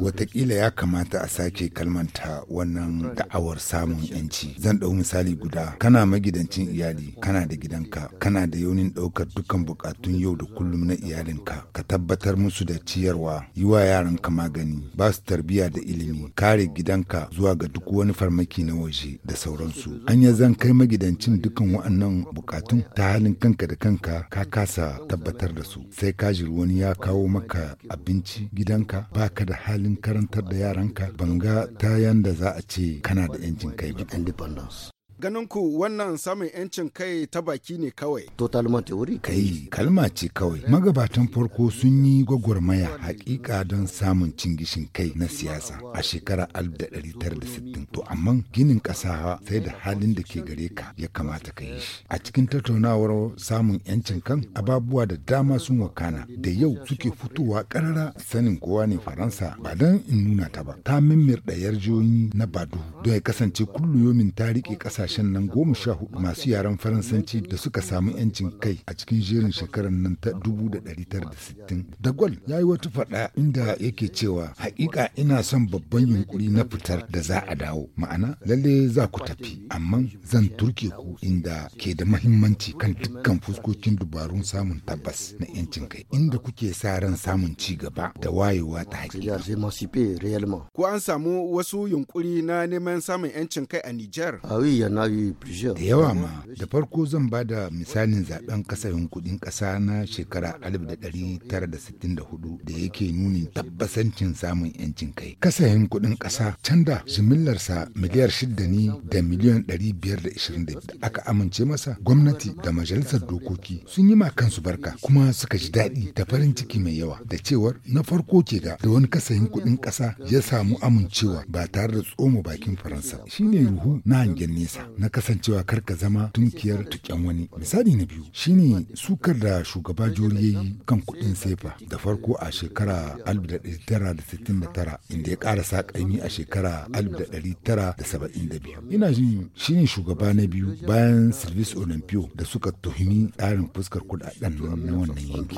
Wataƙila ya kamata a sake kalmanta wannan da'awar samun yanci. Zan ɗau misali guda, kana magidancin iyali, kana da gidanka, kana da yaunin ɗaukar dukkan buƙatun yau da kullum na iyalinka, ka tabbatar musu da ciyarwa, yi wa yaranka magani, ba su tarbiyya da ilimi, kare gidanka zuwa ga duk wani farmaki na waje da sauransu. Anya zan kai magidancin dukkan wa'annan buƙatun ta halin kanka da kanka ka kasa tabbatar da su, sai ka wani ya kawo maka abinci abinci gidanka ka da halin karantar da yaranka banga ta yanda za a ce kana da 'yancin kai ba. Ganin ku wannan samun 'yancin kai ta baki ne kawai. Total wuri? Kai kalma ce kawai. Magabatan farko sun yi gwagwarmaya hakika don samun cin gishin kai na siyasa a shekara 1960. To amma ginin ƙasa sai da halin da ke gare ka ya kamata ka yi shi. A cikin tattaunawar samun 'yancin kan ababuwa da dama sun wakana da yau suke fitowa ƙarara sanin kowa ne Faransa ba don in nuna ta ba. Ta da yarjiyoyi na Badu don ya kasance kullu yomin ta riƙe ƙasashe kasashen nan goma sha hudu masu yaren faransanci da suka samu yancin kai a cikin jerin shekarar nan ta 1960 da gwal ya yi wata faɗa inda yake cewa haƙiƙa ina son babban yunkuri na fitar da za a dawo ma'ana lalle za ku tafi amma zan turke ku inda ke da mahimmanci kan dukkan fuskokin dubarun samun tabbas na yancin kai inda kuke sa ran samun ci gaba da wayewa ta haƙiƙa ko an samu wasu yunkuri na neman samun yancin kai a Nijar? Ah Da yawa ma, da farko zan ba da misalin zaben kasafin kudin kasa na shekara 1964 da yake nuni tabbasancin samun yancin kai. Kasafin kudin kasa canda jimillarsa miliyar shida ne da miliyan 520 aka amince masa gwamnati da majalisar dokoki sun yi ma kansu barka kuma suka ji daɗi da farin ciki mai yawa da cewar na farko ke ga da wani kasafin kudin kasa ya samu amincewa ba tare da tsoma bakin faransa shine ruhu na hangen nesa na kasancewa kar ka zama tunkiyar tuken wani misali na biyu shine sukar da shugaba jori ya yi kan kuɗin sefa da farko a shekara 1969 inda ya ƙara sa ƙaimi a shekara 1972 ina jin shine shugaba na biyu bayan service olympio da suka tuhumi tsarin fuskar kuɗaɗen na wannan yanki